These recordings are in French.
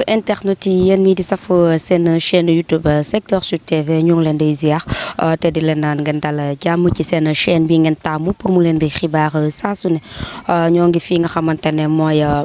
mbokk internet yi yéen mii di safoo seen chaîne YouTube secteur sud TV ñu ngi leen di ziar euh, te di leen naan ngeen dal jàmm ci seen chain bi ngeen taamu pour mu leen di xibaar saa su ne euh, ñoo ngi fi nga xamante mooy. Euh,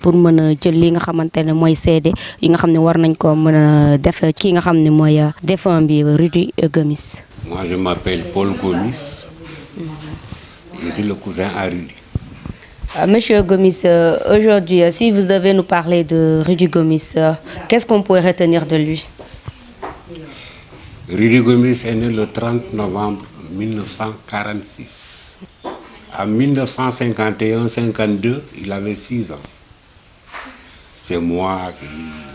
pour Moi je m'appelle Paul Gomis. Je suis le cousin à Rudy. Euh, monsieur Gomis, euh, aujourd'hui, euh, si vous devez nous parler de Rudy Gomis, qu'est-ce qu'on pourrait retenir de lui Rudy Gomis est né le 30 novembre 1946. En 1951-52, il avait 6 ans. C'est moi qui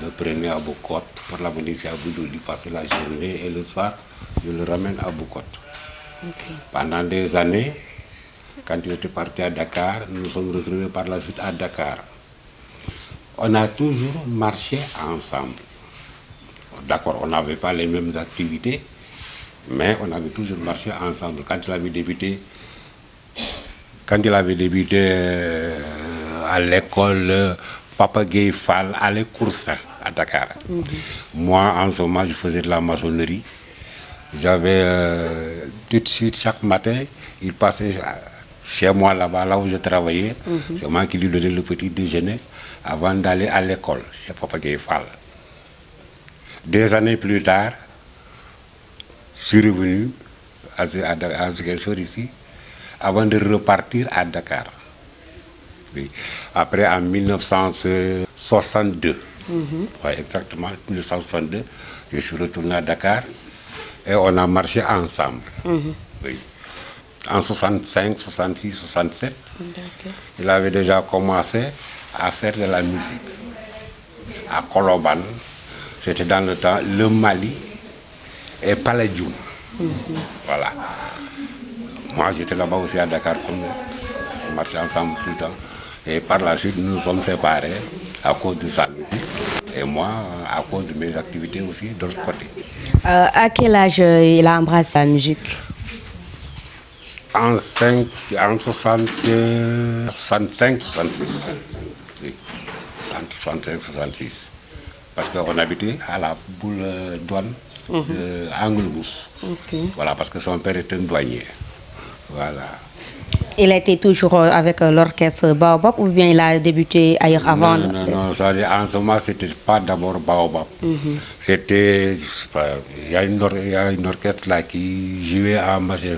le prenais à Bocot. pour la police à Boudou d'y passer la journée et le soir, je le ramène à Bocot. Pendant des années, quand il était parti à Dakar, nous nous sommes retrouvés par la suite à Dakar. On a toujours marché ensemble. D'accord, on n'avait pas les mêmes activités, mais on avait toujours marché ensemble. Quand il avait débuté, quand il avait débuté euh, à l'école, Papa Gay Fall allait course à Dakar. Moi, en ce moment, je faisais de la maçonnerie. J'avais euh, tout de suite, chaque matin, il passait chez moi là-bas, là où je travaillais. Mhm. C'est moi qui lui donnais le petit déjeuner avant d'aller à l'école chez Papa Gay Fall. Des années plus tard, je suis revenu à, ce qu'il ici avant de repartir à Dakar. Après, en 1962, mhm. exactement, 1962, je suis retourné à Dakar et on a marché ensemble. Mhm. En 65, 66, 67, il avait déjà commencé à faire de la musique. À Koloban, c'était dans le temps le Mali et Paladjoum. Mm Voilà. Moi, j'étais là-bas aussi à Dakar, on marchait ensemble tout le temps. Et par la suite, nous sommes séparés à cause de sa musique et moi à cause de mes activités aussi de l'autre côté. Euh, à quel âge euh, il a embrassé la musique En, 65, 66. Parce qu'on habitait à la boule euh, douane mhm. de Voilà, parce que son père était un douanier. Voilà il a été toujours euh, avec euh, l'orchestre Baobab ou bien il a débuté ailleurs avant Non, non, non en ce moment, c'était pas d'abord Baobab. Mhm. C'était, il y, y, a une orchestre là qui jouait à euh,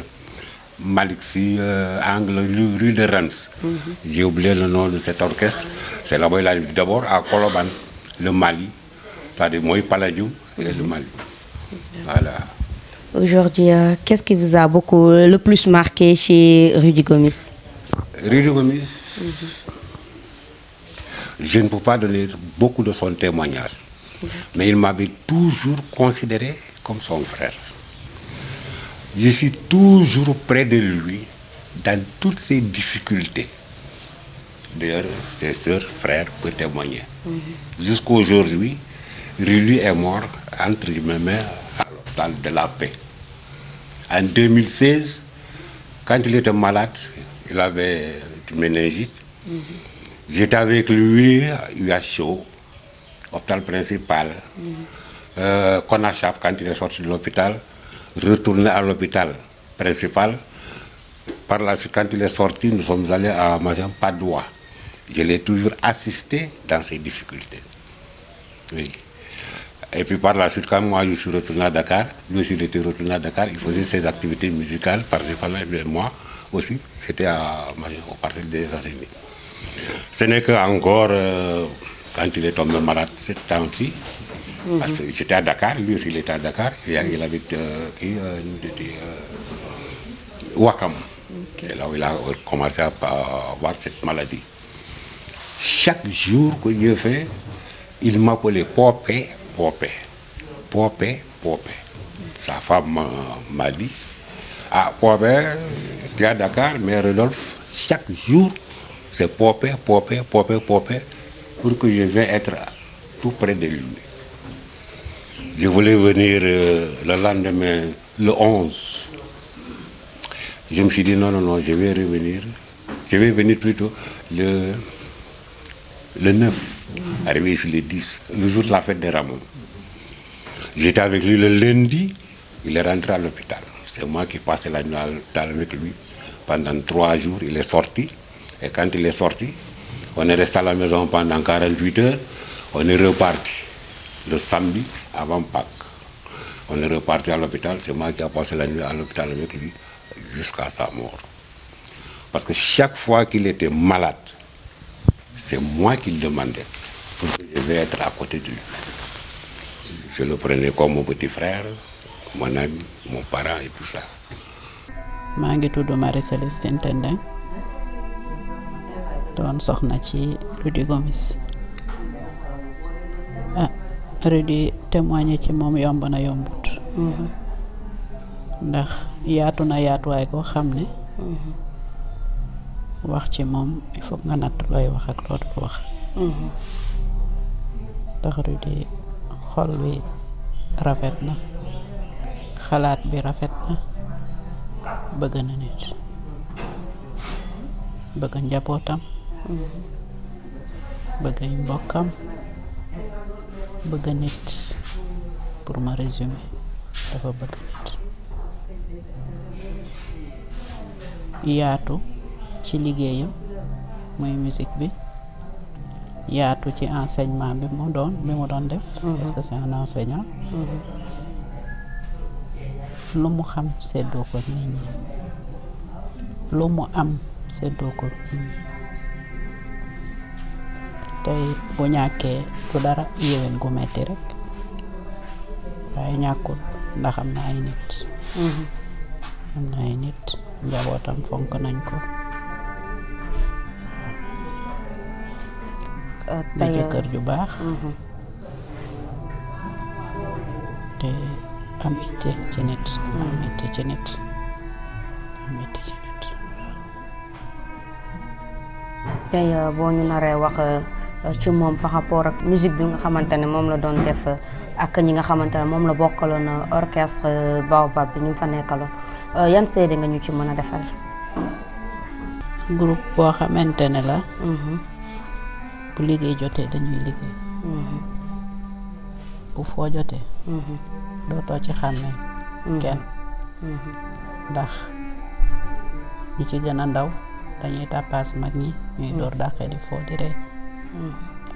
Malixi, Angle, rue de Reims. Mhm. J'ai oublié le nom de cet orchestre. C'est là-bas, il a d'abord à Koloban, le Mali, c'est-à-dire Moï Paladiou et le mhm. Mali. Voilà aujourd'hui, euh, qu'est-ce qui vous a beaucoup le plus marqué chez Rudy Gomis Rudy Gomis, je ne peux pas donner beaucoup de son témoignage, mais il m'avait toujours considéré comme son frère. Je suis toujours près de lui dans toutes ses difficultés. D'ailleurs, ses soeurs, frères peuvent témoigner. Jusqu'à aujourd'hui, Jusqu'aujourd'hui, est mort entre mes mains à l'hôpital de la paix. En 2016, quand il était malade, il avait une méningite. Mhm. J'étais avec lui à UHO, hôpital principal. qu'on mhm. euh, Konachap, quand il est sorti de l'hôpital, retourné à l'hôpital principal. Par la suite, quand il est sorti, nous sommes allés à Majan Padoua. Je l'ai toujours assisté dans ses difficultés. Oui. Et puis par la suite, quand moi je suis retourné à Dakar, lui aussi il était retourné à Dakar, il faisait ses activités musicales par que moi aussi, j'étais au parti des Assemblées. Ce n'est qu'encore euh, quand il est tombé malade cette temps-ci, mhm. parce que j'étais à Dakar, lui aussi il était à Dakar, il, il avait euh, qui, euh, Wakam. Euh, C'est là où il a commencé à avoir cette maladie. Chaque jour que je fais, il m'appelait Popé Popé. Popé, Popé. Sa femme m'a dit, ah, Popé, tu es à Dakar, mais Rodolphe, chaque jour, c'est Popé, Popé, Popé, Popé, pour que je vienne être tout près de lui. Je voulais venir euh, le lendemain, le 11. Je me suis dit, non, non, non, je vais revenir. Je vais venir plutôt le, le 9. Arrivé ici les 10, le jour de la fête des Ramon. J'étais avec lui le lundi, il est rentré à l'hôpital. C'est moi qui passais la nuit à l'hôpital avec lui. Pendant trois jours, il est sorti. Et quand il est sorti, on est resté à la maison pendant 48 heures. On est reparti le samedi avant Pâques. On est reparti à l'hôpital. C'est moi qui ai passé la nuit à l'hôpital avec lui jusqu'à sa mort. Parce que chaque fois qu'il était malade, c'est moi qui le demandais que je vais être à côté de lui. Je le prenais comme mon petit frère, mon ami, mon parent et tout ça. suis ngi tudd Marie céleste Je suis soxna ci Rudy Gomis ah Rudy témoigné ci moom yomb na yombut mhm. ndax yaatu na yaatuwaay koo xam ne mhm. wax ci moom il faut nga natt looy wax ak loo dul wax mhm. di xol bi rafet na xalaat bi rafet na bëgg na nit bëgg njabootam mhm. bëgg ay mbokkam bëgg nit pour ma résumé dafa bëgg nit yaatu ci liggéeyam mooy musique bi yaatu ci enseignement bi mu doon bi mu doon def parce mm-hmm. que c'est mm-hmm. lu mu xam seddoo ko nit ñi lu mu am seddoo ko nit ñi tey bu ñàkkee du dara yéwén gu metti rek waaye ñàkkul ndax na ay nit mm-hmm. na ay nit njabootam fonk nañ ko tailleur jëkkër ju baax te am itte ci nit am itte ci nit am itte ci nit tey boo ñu naree wax eh, eh, ci moom par rapport ak musique bi nga xamante ne moom la doon def ak ñi nga xamante ne la bokkaloon orchestre Baobab bi ñu fa nekkaloon yan seede nga ñu ci mën defal groupe boo xamante ne la bu liggéey jotee dañuy liggéey mm-hmm. bu foo jotee mm-hmm. dootoo ci xàmmee mm-hmm. kenn ndax ñi ci gën a ndaw dañuy tàppaas mag ñi ñuy door dàqee di foo di ree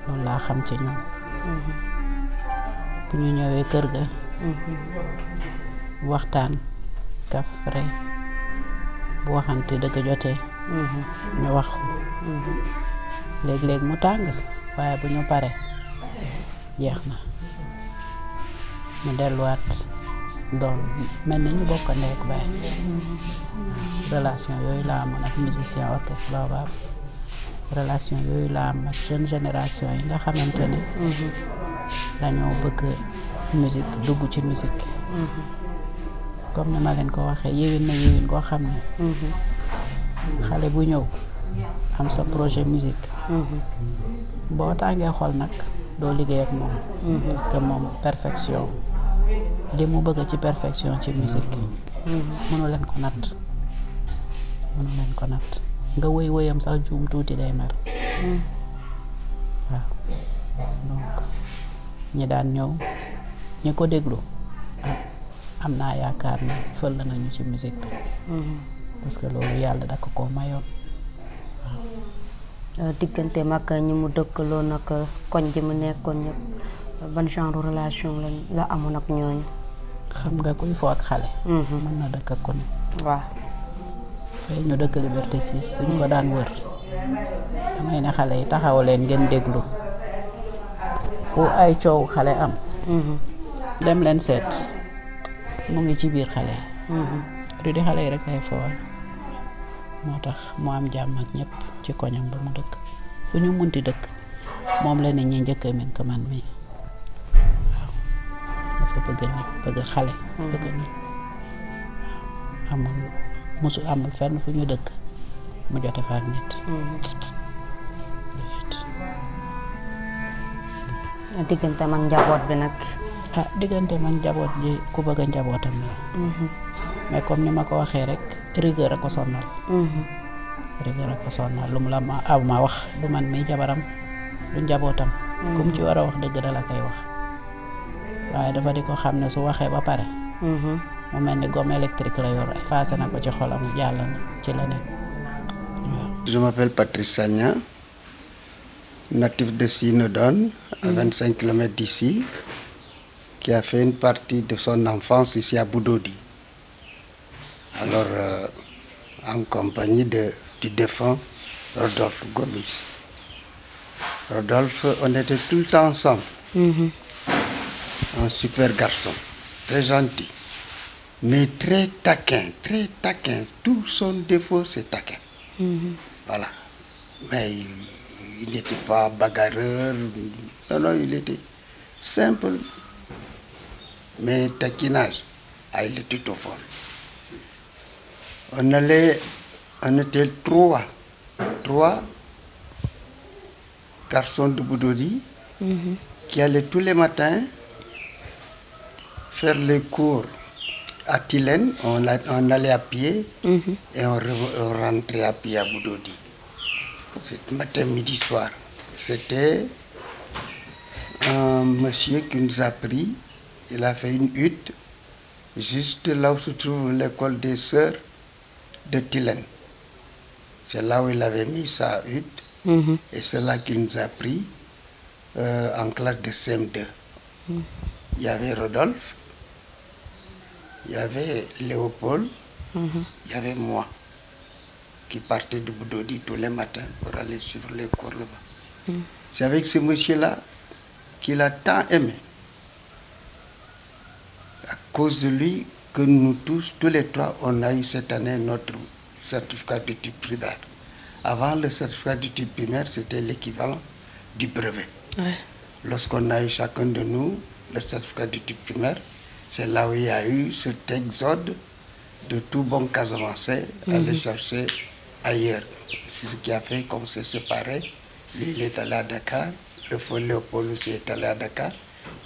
loolu laa xam ci ñoom bu ñu ñëwee kër ga waxtaan kaf rey bu waxante dëgg jotee ñu wax léeg-léeg mu tàng waaye bu ñu paree jeex na mu delluwaat doon mel ni ñu bokk ndek baay relation yooyu laa amoon ak musicien orchestre Baobab relation yooyu laa am ak jeune génération yi nga xamante ni dañoo bëgg musique dugg ci musique comme ni ma leen ko waxee yéwén na yéwén koo xam ne mhm. xale bu ñëw am sa projet musique mm-hmm. boo tàngee xool nag doo liggéey ak moom mm-hmm. parce que moom perfection li mu bëgg ci perfection ci musique mm-hmm. mënu leen ko natt ko natt nga wëy wëyam sax juum tuuti day mer waaw donc ñi daan ñëw ñi ko déglu ah, am naa yaakaar ne fël nañu ci musique bi loolu yàlla da ko ko mayoon diggante mag ñi mu dëkkaloo nag koñ ji mu nekkoon ñëpp ban genre relation la la amoon ak ñooñu. xam nga kuy foo ak xale. Mhm. mën na dëkk ak ku waaw. fay ñu dëkk Liberté 6 suñ ko daan wër damay ne xale yi taxaw leen ngeen déglu fu ay coow xale am. Mhm. dem leen seet mu ngi ci biir xale yi. du mhm. di xale yi rek lay fool moo tax mu am jàmm ak ñëpp. ci koñam ba mu dëkk fu ñu munti dëkk moom la ne ñi njëkk min ko man mi waaw dafa bëgg ni bëgg xale bëgg ni amul musu amul fenn fu ñu dëkk mu jote fa nit mm-hmm. diggante man njaboot bi nag ah diggante man njaboot ji ku bëgg njabootam la mm-hmm. mais comme ni ma ko waxee rek rigueur ko sonal mm-hmm. rek ko sonna lu mu la ma aw ma wax du man mi jabaram du njabotam kum ci wara wax dëgg da la wax waaye dafa diko ko su waxee ba pare mm-hmm. mu mel ni gomme électrique la yor effacé na ko ci xolam jàll na ci la je m'appelle Patrice Sagna natif de Sinodone à 25 mm. km d'ici qui a fait une partie de son enfance ici à Boudodi alors euh, en compagnie de tu défends... Rodolphe Gomis. Rodolphe, on était tout le temps ensemble. Mhm. Un super garçon, très gentil, mais très taquin, très taquin. Tout son défaut, c'est taquin. Mhm. Voilà. Mais il n'était pas bagarreur. Non, non, il était simple, mais taquinage. Ah, il était tout fort. On allait on était trois. Trois garçons de Boudouri mhm. qui allaient tous les matins faire les cours à Tilène. On, allait à pied mhm. et on, rentrait à pied à Boudoudi. C'était matin, midi, soir. C'était un monsieur qui nous a pris. Il a fait une hutte juste là où se trouve l'école des sœurs de Tilène. C'est là où il avait mis sa hutte mhm. et c'est là qu'il nous a pris euh, en classe de CM2. Mhm. Il y avait Rodolphe, il y avait Léopold, mhm. il y avait moi qui partais de Boudodi tous les matins pour aller suivre les cours là-bas. C'est avec ce monsieur-là qu'il a tant aimé. À cause de lui que nous tous, tous les trois, on a eu cette année notre certificat type primaire Avant le certificat du type primaire c'était l'équivalent du brevet. Lorsqu'on a eu chacun de nous le certificat du type primaire c'est là où il y a eu cet exode de tout bon avancé à aller mhm. chercher ailleurs. C'est ce qui a fait qu'on s'est séparés. Lui, il est allé à Dakar, le faux Léopold aussi est allé à Dakar,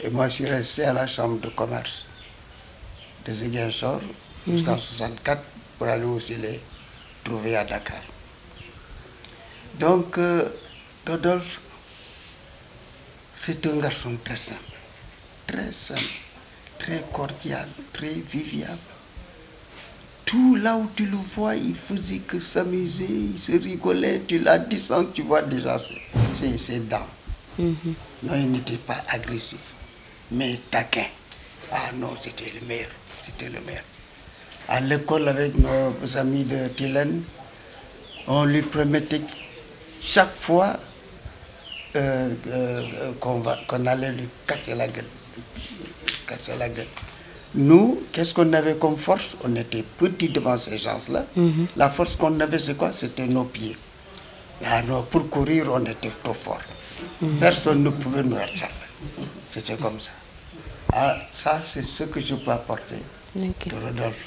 et moi, je suis resté à la chambre de commerce de Ziguinchor mhm. jusqu'en 1964 pour aller aussi les trouvé à Dakar. Donc, Rodolphe, euh, c'est un garçon très simple, très simple, très cordial, très viviable. Tout là où tu le vois, il faisait que s'amuser, il se rigolait, tu l'as dit sans tu vois déjà ses, dents. Mhm. Non, il n'était pas agressif, mais taquin. Ah non, c'était le maire, c'était le maire à l'école avec nos amis de Tilen, on lui promettait chaque fois euh, euh, qu'on allait lui casser la gueule. Casser la gueule. Nous, qu'est-ce qu'on avait comme force On était petits devant ces gens-là. Mhm. La force qu'on avait, c'est quoi C'était nos pieds. pour courir, on était trop fort. Mhm. Personne ne pouvait nous attraper. C'était comme ça. Ah, ça, c'est ce que je peux apporter de Rodolphe.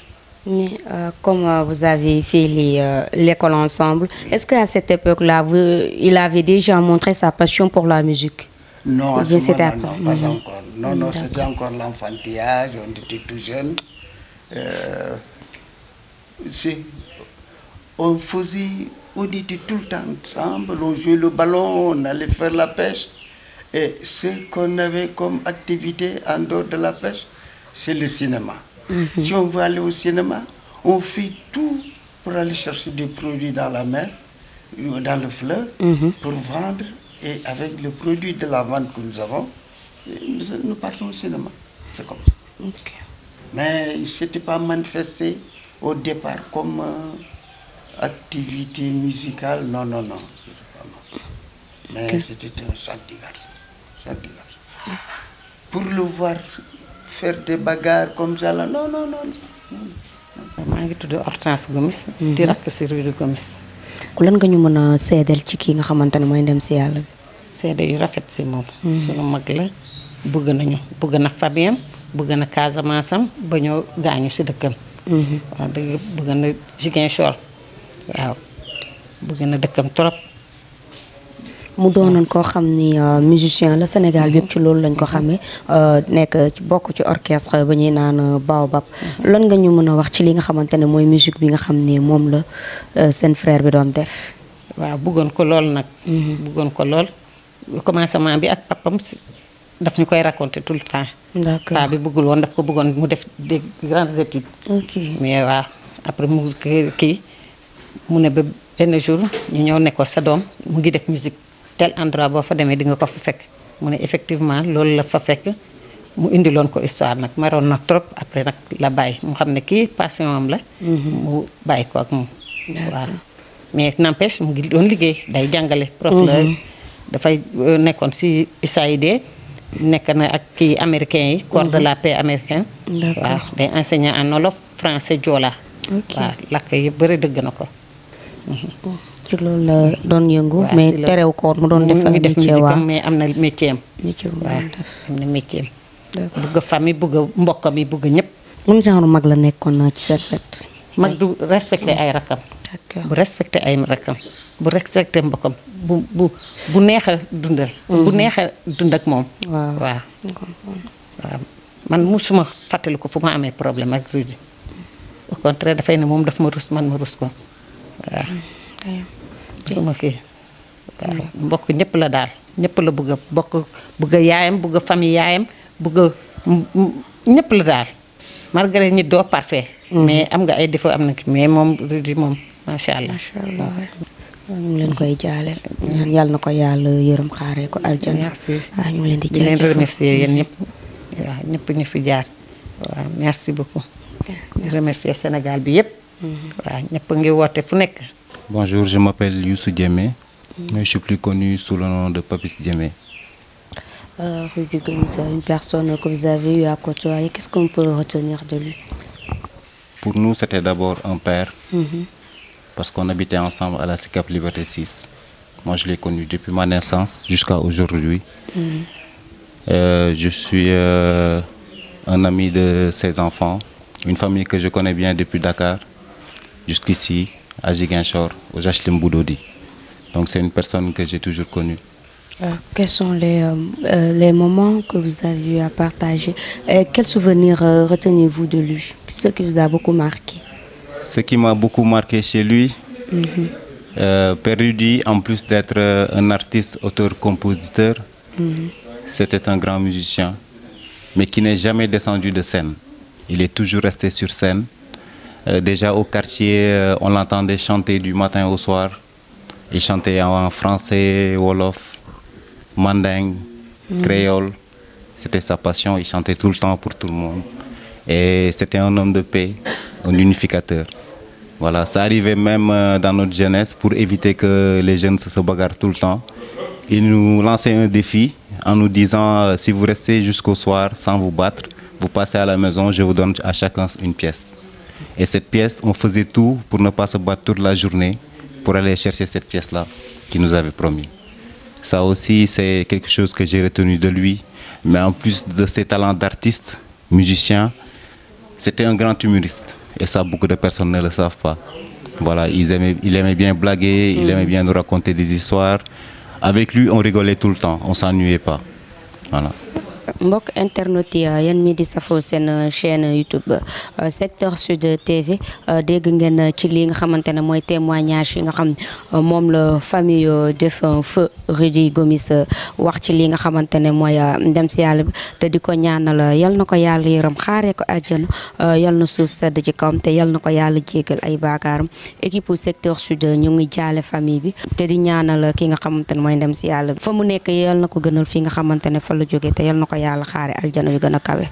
Mais euh, comme euh, vous avez fait euh, l'école ensemble, est-ce qu'à cette époque-là, il avait déjà montré sa passion pour la musique Non, à non, pas mhm. encore. Non, non, c'était encore l'enfantillage, on était tout jeune. on faisait, on était tout le temps ensemble, on jouait le ballon, on allait faire la pêche. Et ce qu'on avait comme activité en dehors de la pêche, c'est le cinéma. Mhm. Si on veut aller au cinéma, on fait tout pour aller chercher des produits dans la mer, ou euh, dans le fleuve, mhm. pour vendre. Et avec le produit de la vente que nous avons, nous, partons au cinéma. C'est comme ça. Mais ce n'était pas manifesté au départ comme euh, activité musicale. Non, non, non. Mais c'était un chant de Pour le voir faire des bagarres comme ça là non non non maa ngi tudd Hortense Gomis mhm. di rakk si Rudy Gomis ku lan nga ñu mën a seedal ci kii nga xamante ne mooy dem si yàlla bi seede yu rafet si moom mhm. sunu mag la bëgg nañu bëgg na famiyam bëgg na Casamance am ba ñoo gaañu si dëkkam mhm. waaw dëgg bëgg na Ziguinchor waaw bëgg na dëkkam trop mu doonoon koo xam ni euh, musicien la Sénégal yëpp ci loolu lañ ko xamee euh, nekk ci bokk ci orchestre ba ñuy naan euh, Baobab lan nga ñu mën a wax ci li nga xamante ne mooy musique bi nga xam ni moom la seen frère bi doon def. waaw bëggoon ko lool nag. Mm-hmm. bëggoon ko lool commencement bi ak papam daf ñu koy raconter tout le temps. d'accord paa bi bëggul woon daf ko bëggoon mu def des grandes études. ok mais waaw après mu kii mu ne ba benn jour ñu ñëw ne sa doom mu ngi def musique. tel endroit boo fa demee dinga nga ko fa fekk mu ne effectivement loolu la fa fekk mu indi loon ko histoire nag maroon na trop après nag la bàyyi mu xam ne kii passion am la mhm. mu bàyyi ko ak moom waaw mais n'empêche mu ngi doon liggéey day jàngale prof mhm. dafay euh, nekkoon si USAID nekk na ak kii américain yi corps de mhm. la paix américain waaw day enseigner en nolof français joola waa lakk yi bëri dëgg na ko ci loolu la doon yëngu. mais terew ko mu doon def ak métier mais am na métier am. métier waaw am famille bëgg mbokk mi bëgg ñëpp. muy genre mag la nekkoon ci seen fête. mag du respecté ay respecté ay rakam bu respecté mbokkam bu bu neex a dundal. Mhm. dund ak moom. waaw waaw. man musuma fàttaliku fu ma amee problème ak Rudy au contraire dafay ne moom daf ma rus man ma rus ko waaw. Mhm. suma ki eh, mbokk ñepp la dal ñepp la bëgg bokk bëgg yaayam bëgg a famille yaayam bëgg ñepp la dal malgré nit do parfait mm. mais am nga ay défaut am na mais mom di mom ma sha allah ma sha allah ñu leen koy jaale ñaan yalla nako yalla yàlla xare ko aljana merci waaw ñu leen di jaajëf leen remercier yeen ñepp waaw ñëpp ñu fi jaar waaw merci beaucoup di remercier Sénégal bi yépp mm-hmm. waaw ñëpp ngi woote fu nekk Bonjour, je m'appelle Youssou Diemé, mais je suis plus connu sous le nom de Papis Diemé. Euh, Rudy une personne que vous avez eu à côtoyer, qu'est-ce qu'on peut retenir de lui Pour nous, c'était d'abord un père, mhm. parce qu'on habitait ensemble à la CICAP Liberté 6. Moi, je l'ai connu depuis ma naissance jusqu'à aujourd'hui. Mhm. Euh, je suis euh, un ami de ses enfants, une famille que je connais bien depuis Dakar jusqu'ici à Shor, au Jachlim Boudodi. Donc c'est une personne que j'ai toujours connue. Euh, quels sont euh, euh, les, moments que vous avez à partager Quels souvenirs retenez-vous de lui Ce qui vous a beaucoup marqué Ce qui m'a beaucoup marqué chez lui, mm en plus d'être un artiste, auteur-compositeur, mhm. c'était un grand musicien, mais qui n'est jamais descendu de scène. Il est toujours resté sur scène euh, déjà au quartier, euh, on l'entendait chanter du matin au soir. Il chantait en français, wolof, mandingue, mm. créole. C'était sa passion, il chantait tout le temps pour tout le monde. Et c'était un homme de paix, un unificateur. Voilà, ça arrivait même euh, dans notre jeunesse pour éviter que les jeunes se bagarrent tout le temps. Il nous lançait un défi en nous disant si vous restez jusqu'au soir sans vous battre, vous passez à la maison, je vous donne à chacun une pièce. Et cette pièce, on faisait tout pour ne pas se battre toute la journée pour aller chercher cette pièce-là qu'il nous avait promis. Ça aussi, c'est quelque chose que j'ai retenu de lui. Mais en plus de ses talents d'artiste, musicien, c'était un grand humoriste. Et ça, beaucoup de personnes ne le savent pas. Voilà, il aimait, il aimait bien blaguer, il mm. aimait bien nous raconter des histoires. Avec lui, on rigolait tout le temps, on s'ennuyait pas. Voilà. mbokk internet yi yéen mi di safoo seen euh, chaîne YouTube euh, secteur sud TV euh, dégg ngeen ci li nga xamante ne mooy témoignage yi nga xam moom la famille défunt feu Rudy Gomis wax ci li nga xamante ne mooy dem si yàlla bi te di ko ñaanal yal na ko yàlla yërëm xaaree ko àjjana yal na suuf sedd ci kawam te na ko yàlla jéggal ay baakaaram équipe secteur sud ñu ngi bi te di ki nga xamante mooy dem si yàlla bi fa mu nekk yal na ko gënal fi nga xamante fa la jógee te yal na ko yàlla xaare aljana yu gën a kawe